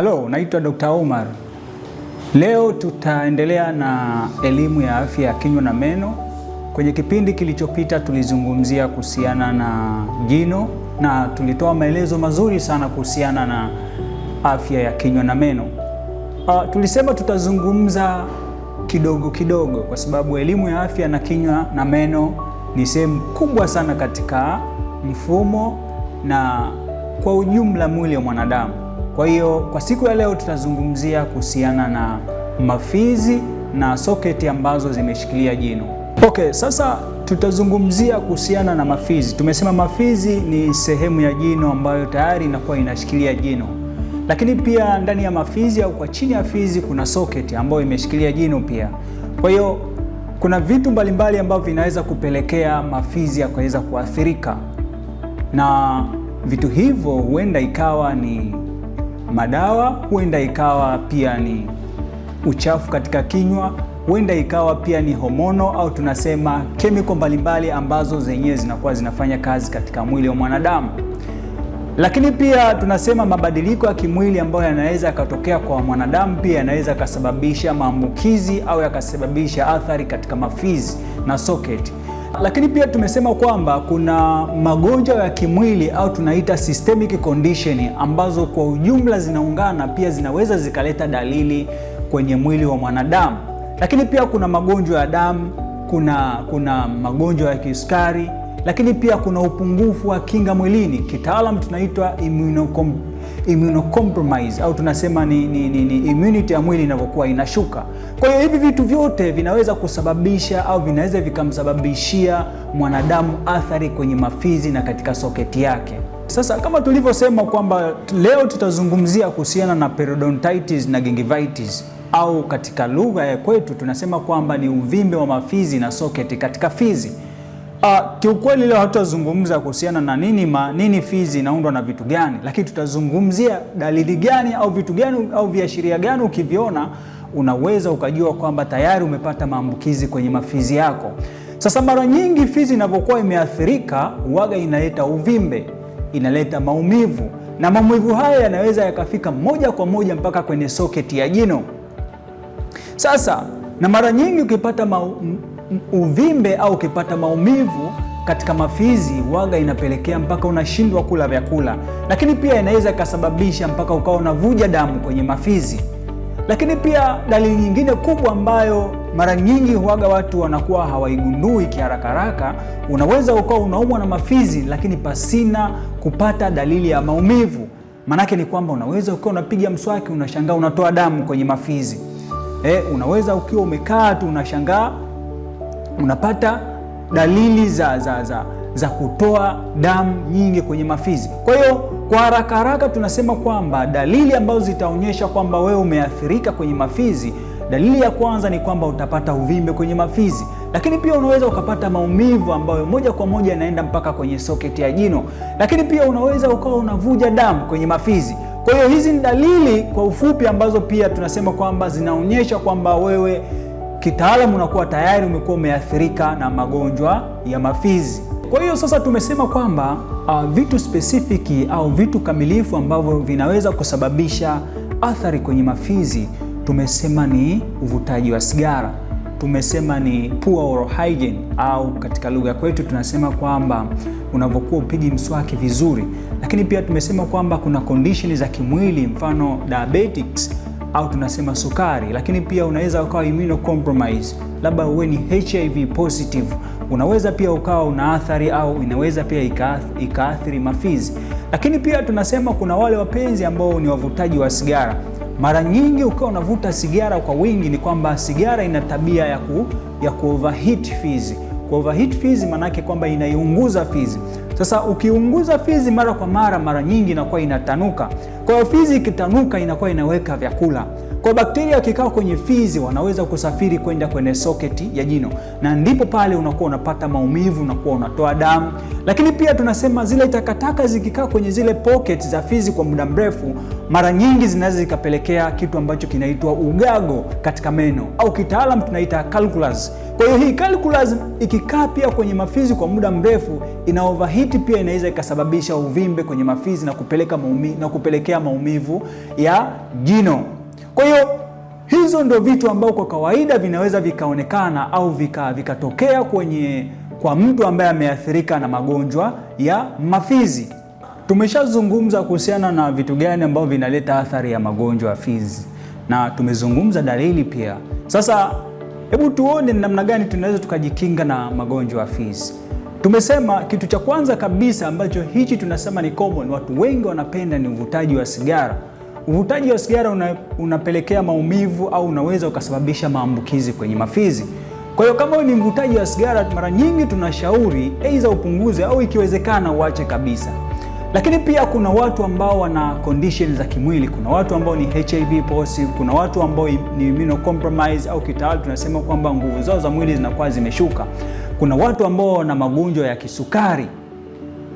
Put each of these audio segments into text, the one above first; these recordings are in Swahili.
Halo, naitwa Dr. Omar. Leo tutaendelea na elimu ya afya ya kinywa na meno. Kwenye kipindi kilichopita tulizungumzia kuhusiana na jino na tulitoa maelezo mazuri sana kuhusiana na afya ya kinywa na meno. Uh, tulisema tutazungumza kidogo kidogo kwa sababu elimu ya afya na kinywa na meno ni sehemu kubwa sana katika mfumo na kwa ujumla mwili wa mwanadamu. Kwa hiyo kwa siku ya leo tutazungumzia kuhusiana na mafizi na soketi ambazo zimeshikilia jino. Okay, sasa tutazungumzia kuhusiana na mafizi. Tumesema mafizi ni sehemu ya jino ambayo tayari inakuwa inashikilia jino, lakini pia ndani ya mafizi au kwa chini ya fizi kuna soketi ambayo imeshikilia jino pia. Kwa hiyo kuna vitu mbalimbali ambavyo vinaweza kupelekea mafizi yakaweza kuathirika, na vitu hivyo huenda ikawa ni madawa, huenda ikawa pia ni uchafu katika kinywa, huenda ikawa pia ni homono au tunasema kemiko mbalimbali ambazo zenyewe zinakuwa zinafanya kazi katika mwili wa mwanadamu. Lakini pia tunasema mabadiliko ya kimwili ambayo yanaweza yakatokea kwa mwanadamu pia yanaweza yakasababisha maambukizi au yakasababisha athari katika mafizi na soketi. Lakini pia tumesema kwamba kuna magonjwa ya kimwili au tunaita systemic condition ambazo kwa ujumla zinaungana, pia zinaweza zikaleta dalili kwenye mwili wa mwanadamu. Lakini pia kuna magonjwa ya damu, kuna kuna magonjwa ya kisukari lakini pia kuna upungufu wa kinga mwilini, kitaalam tunaitwa immunocom, immunocompromise au tunasema ni, ni, ni, ni immunity ya mwili inavyokuwa inashuka. Kwa hiyo hivi vitu vyote vinaweza kusababisha au vinaweza vikamsababishia mwanadamu athari kwenye mafizi na katika soketi yake. Sasa kama tulivyosema kwamba leo tutazungumzia kuhusiana na periodontitis na gingivitis au katika lugha ya kwetu tunasema kwamba ni uvimbe wa mafizi na soketi katika fizi. Uh, kiukweli leo hatutazungumza kuhusiana na nini ma, nini fizi inaundwa na vitu gani, lakini tutazungumzia dalili gani au vitu gani au viashiria gani ukiviona unaweza ukajua kwamba tayari umepata maambukizi kwenye mafizi yako. Sasa mara nyingi fizi inavyokuwa imeathirika uwaga inaleta uvimbe, inaleta maumivu, na maumivu haya yanaweza yakafika moja kwa moja mpaka kwenye soketi ya jino. Sasa na mara nyingi ukipata uvimbe au ukipata maumivu katika mafizi waga inapelekea mpaka unashindwa kula vyakula, lakini pia inaweza ikasababisha mpaka ukawa unavuja damu kwenye mafizi. Lakini pia dalili nyingine kubwa ambayo mara nyingi huaga watu wanakuwa hawaigundui kiharaka haraka, unaweza ukawa unaumwa na mafizi lakini pasina kupata dalili ya maumivu. Maanake ni kwamba unaweza ukiwa unapiga mswaki unashangaa unatoa damu kwenye mafizi. E, unaweza ukiwa umekaa tu unashangaa unapata dalili za, za, za, za kutoa damu nyingi kwenye mafizi. Kwa hiyo kwa haraka haraka tunasema kwamba dalili ambazo zitaonyesha kwamba wewe umeathirika kwenye mafizi, dalili ya kwanza ni kwamba utapata uvimbe kwenye mafizi, lakini pia unaweza ukapata maumivu ambayo moja kwa moja yanaenda mpaka kwenye soketi ya jino, lakini pia unaweza ukawa unavuja damu kwenye mafizi. Kwa hiyo hizi ni dalili kwa ufupi ambazo pia tunasema kwamba zinaonyesha kwamba wewe kitaalamu unakuwa tayari umekuwa umeathirika na magonjwa ya mafizi. Kwa hiyo sasa tumesema kwamba uh, vitu specific au vitu kamilifu ambavyo vinaweza kusababisha athari kwenye mafizi, tumesema ni uvutaji wa sigara, tumesema ni poor oral hygiene, au katika lugha kwetu tunasema kwamba unavyokuwa upigi mswaki vizuri, lakini pia tumesema kwamba kuna condition za kimwili, mfano diabetics au tunasema sukari, lakini pia unaweza ukawa immunocompromised, labda uwe ni HIV positive. Unaweza pia ukawa una athari au inaweza pia ikaathiri mafizi. Lakini pia tunasema kuna wale wapenzi ambao ni wavutaji wa sigara. Mara nyingi ukiwa unavuta sigara kwa wingi, ni kwamba sigara ina tabia ya ku ya overheat fizi. overheat fizi yake kwamba inaiunguza fizi. Sasa ukiunguza fizi mara kwa mara, mara nyingi inakuwa inatanuka. Kwa hiyo fizi ikitanuka inakuwa inaweka vyakula. Kwa bakteria wakikaa kwenye fizi wanaweza kusafiri kwenda kwenye soketi ya jino, na ndipo pale unakuwa unapata maumivu, unakuwa unatoa damu. Lakini pia tunasema zile takataka zikikaa kwenye zile pocket za fizi kwa muda mrefu, mara nyingi zinaweza zikapelekea kitu ambacho kinaitwa ugago katika meno au kitaalam tunaita calculus. Kwa hiyo hii calculus ikikaa pia kwenye mafizi kwa muda mrefu, ina overheat, pia inaweza ikasababisha uvimbe kwenye mafizi na kupeleka maumivu, na kupelekea maumivu ya jino. Kwa hiyo hizo ndio vitu ambao kwa kawaida vinaweza vikaonekana au vikatokea vika kwenye kwa mtu ambaye ameathirika na magonjwa ya mafizi. Tumeshazungumza kuhusiana na vitu gani ambavyo vinaleta athari ya magonjwa ya fizi na tumezungumza dalili pia. Sasa hebu tuone namna gani tunaweza tukajikinga na magonjwa ya fizi. Tumesema kitu cha kwanza kabisa ambacho hichi tunasema ni common, watu wengi wanapenda ni uvutaji wa sigara. Uvutaji wa sigara una, unapelekea maumivu au unaweza ukasababisha maambukizi kwenye mafizi. Kwa hiyo kama ni mvutaji wa sigara, mara nyingi tunashauri aidha upunguze au ikiwezekana uache kabisa. Lakini pia kuna watu ambao wana condition za kimwili. Kuna watu ambao ni HIV positive, kuna watu ambao ni immunocompromised au kitaalamu tunasema kwamba nguvu zao za mwili zinakuwa zimeshuka. Kuna watu ambao wana magonjwa ya kisukari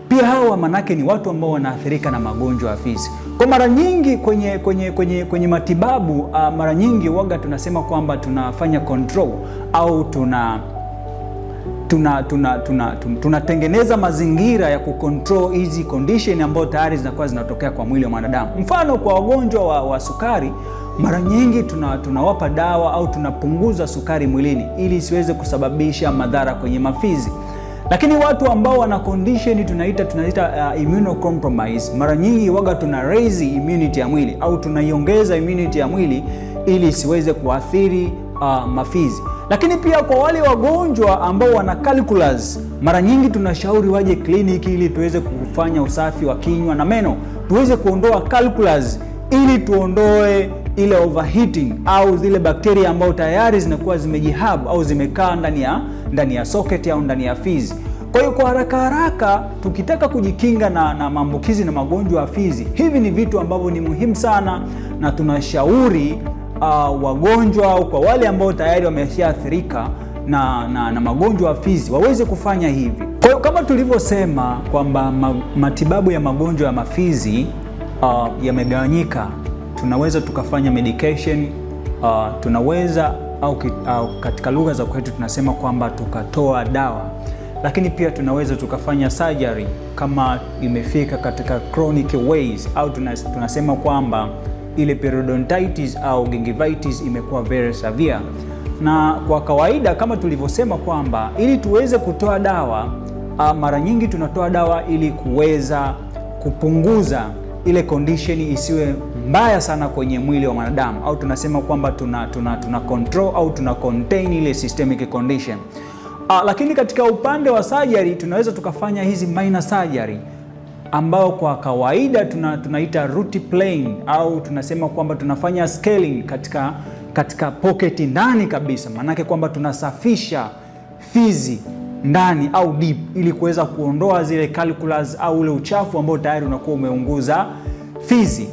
pia, hawa manake ni watu ambao wanaathirika na magonjwa ya fizi. Kwa mara nyingi kwenye, kwenye, kwenye, kwenye matibabu uh, mara nyingi waga tunasema kwamba tunafanya control au tuna tunatengeneza tuna, tuna, tuna, tuna mazingira ya kucontrol hizi condition ambayo tayari zinakuwa zinatokea kwa mwili wa mwanadamu. Mfano kwa wagonjwa wa, wa sukari mara nyingi tuna, tunawapa dawa au tunapunguza sukari mwilini ili isiweze kusababisha madhara kwenye mafizi. Lakini watu ambao wana condition tunaita tunaita uh, immunocompromise, mara nyingi waga tuna raise immunity ya mwili au tunaiongeza immunity ya mwili ili isiweze kuathiri uh, mafizi. Lakini pia kwa wale wagonjwa ambao wana calculus, mara nyingi tunashauri waje kliniki ili tuweze kufanya usafi wa kinywa na meno, tuweze kuondoa calculus ili tuondoe ile overheating au zile bakteria ambayo tayari zinakuwa zimejihab au zimekaa ndani ya ndani ya socket au ndani ya fizi. Kwa hiyo kwa haraka haraka, tukitaka kujikinga na, na maambukizi na magonjwa ya fizi, hivi ni vitu ambavyo ni muhimu sana, na tunashauri uh, wagonjwa au kwa wale ambao tayari wameshaathirika na, na, na magonjwa ya fizi waweze kufanya hivi. Kwa hiyo kama tulivyosema kwamba matibabu ya magonjwa ya mafizi uh, yamegawanyika tunaweza tukafanya medication uh, tunaweza au, au katika lugha za kwetu tunasema kwamba tukatoa dawa, lakini pia tunaweza tukafanya surgery kama imefika katika chronic ways, au tunasema kwamba ile periodontitis au gingivitis imekuwa very severe. Na kwa kawaida kama tulivyosema kwamba ili tuweze kutoa dawa uh, mara nyingi tunatoa dawa ili kuweza kupunguza ile condition isiwe mbaya sana kwenye mwili wa mwanadamu, au tunasema kwamba tuna, tuna, tuna control au tuna contain ile systemic condition. Uh, lakini katika upande wa surgery tunaweza tukafanya hizi minor surgery ambao kwa kawaida tuna, tunaita root plane au tunasema kwamba tunafanya scaling katika, katika pocket ndani kabisa, maanake kwamba tunasafisha fizi ndani au deep ili kuweza kuondoa zile calculus au ule uchafu ambao tayari unakuwa umeunguza fizi.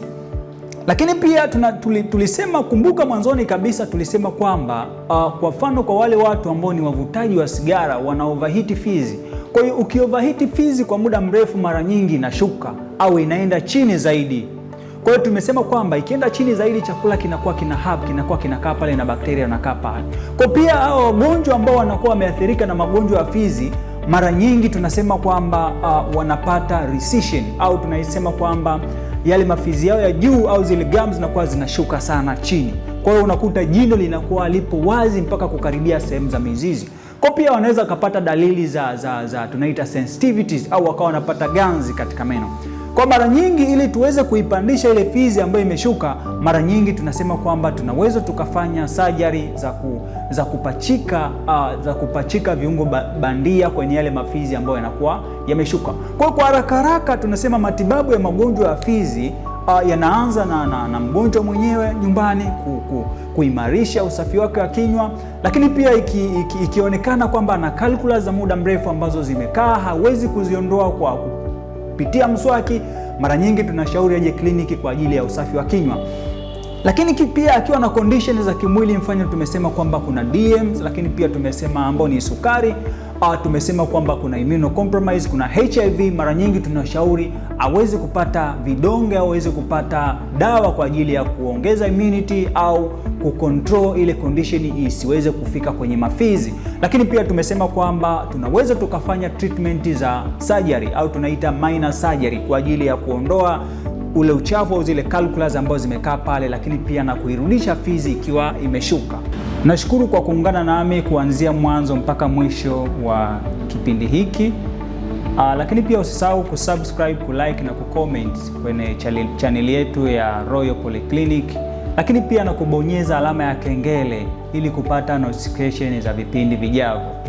Lakini pia tuna, tulisema kumbuka, mwanzoni kabisa tulisema kwamba uh, kwa mfano kwa wale watu ambao ni wavutaji wa sigara wana overheat fizi. Kwa hiyo ukioverheat fizi kwa muda mrefu, mara nyingi inashuka au inaenda chini zaidi. Kwa hiyo tumesema kwamba ikienda chini zaidi, chakula kinakuwa kina hub, kinakuwa kinakaa pale na bakteria wanakaa pale. Kwa pia hao wagonjwa ambao wanakuwa wameathirika na magonjwa ya fizi mara nyingi tunasema kwamba uh, wanapata recession au tunasema kwamba yale mafizi yao ya juu au zile gamu zinakuwa zinashuka sana chini. Kwa hiyo unakuta jino linakuwa lipo wazi mpaka kukaribia sehemu za mizizi. Kwa pia wanaweza wakapata dalili za, za, za tunaita sensitivities au wakawa wanapata ganzi katika meno. Kwa mara nyingi ili tuweze kuipandisha ile fizi ambayo imeshuka, mara nyingi tunasema kwamba tunaweza tukafanya sajari za, ku, za, kupachika, uh, za kupachika viungo bandia kwenye yale mafizi ambayo yanakuwa yameshuka. Kwa hiyo kwa haraka haraka tunasema matibabu ya magonjwa ya fizi Uh, yanaanza na, na, na mgonjwa mwenyewe nyumbani ku, ku, kuimarisha usafi wake wa kinywa, lakini pia iki, iki, ikionekana kwamba ana calculus za muda mrefu ambazo zimekaa hawezi kuziondoa kwa kupitia mswaki. Mara nyingi tunashauri aje kliniki kwa ajili ya usafi wa kinywa, lakini pia akiwa na condition za kimwili, mfano tumesema kwamba kuna DMs, lakini pia tumesema ambao ni sukari uh, tumesema kwamba kuna immunocompromise, kuna HIV, mara nyingi tunashauri aweze kupata vidonge au aweze kupata dawa kwa ajili ya kuongeza immunity au kucontrol ile condition isiweze kufika kwenye mafizi. Lakini pia tumesema kwamba tunaweza tukafanya treatment za surgery au tunaita minor surgery kwa ajili ya kuondoa ule uchafu au zile calculus ambazo zimekaa pale, lakini pia na kuirudisha fizi ikiwa imeshuka. Nashukuru kwa kuungana nami kuanzia mwanzo mpaka mwisho wa kipindi hiki. Uh, lakini pia usisahau kusubscribe, kulike na kucomment kwenye chaneli yetu ya Royal Polyclinic, lakini pia na kubonyeza alama ya kengele ili kupata notification za vipindi vijavyo.